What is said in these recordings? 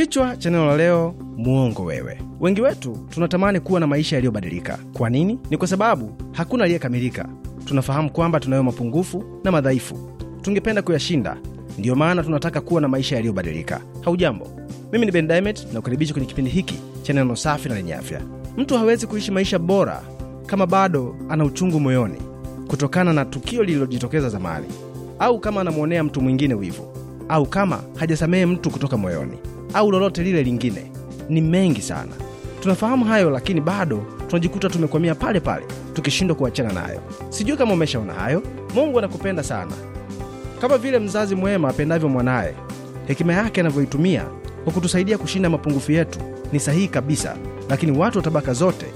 Kichwa cha neno la leo, muongo wewe. Wengi wetu tunatamani kuwa na maisha yaliyobadilika. Kwa nini? Ni kwa sababu hakuna aliyekamilika. Tunafahamu kwamba tunayo mapungufu na madhaifu, tungependa kuyashinda. Ndiyo maana tunataka kuwa na maisha yaliyobadilika. Haujambo, mimi ni Ben Diamond na kukaribisha kwenye kipindi hiki cha neno safi na lenye afya. Mtu hawezi kuishi maisha bora kama bado ana uchungu moyoni kutokana na tukio lililojitokeza zamani, au kama anamwonea mtu mwingine wivu, au kama hajasamehe mtu kutoka moyoni au lolote lile lingine ni mengi sana tunafahamu hayo lakini bado tunajikuta tumekwamia pale pale tukishindwa kuachana nayo sijui kama umeshaona hayo mungu anakupenda sana kama vile mzazi mwema apendavyo mwanaye hekima yake anavyoitumia kwa kutusaidia kushinda mapungufu yetu ni sahihi kabisa lakini watu wa tabaka zote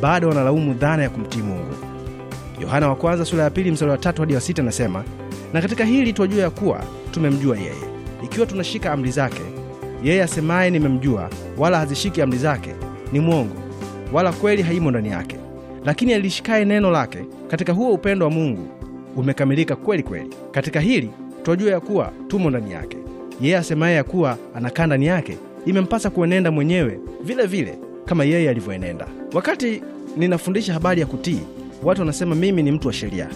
bado wanalaumu dhana ya kumtii mungu yohana wa kwanza sula ya pili mstari wa tatu hadi wa sita anasema na katika hili twajua ya kuwa tumemjua yeye ikiwa tunashika amri zake yeye asemaye nimemjua, wala hazishiki amri zake, ni mwongo, wala kweli haimo ndani yake. Lakini alishikaye neno lake, katika huo upendo wa Mungu umekamilika kweli kweli. Katika hili twajua ya kuwa tumo ndani yake. Yeye asemaye ya kuwa anakaa ndani yake, imempasa kuenenda mwenyewe vile vile kama yeye alivyoenenda. Wakati ninafundisha habari ya kutii, watu wanasema mimi ni mtu wa sheria,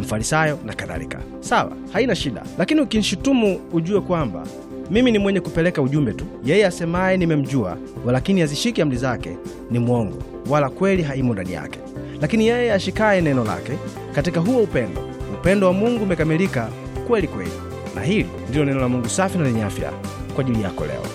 mfarisayo na kadhalika. Sawa, haina shida, lakini ukinshutumu ujue kwamba mimi ni mwenye kupeleka ujumbe tu. Yeye asemaye nimemjua, walakini azishike amri zake, ni mwongo, wala kweli haimo ndani yake. Lakini yeye ashikaye neno lake, katika huo upendo, upendo wa Mungu umekamilika kweli kweli. Na hili ndilo neno la Mungu safi na lenye afya kwa ajili yako leo.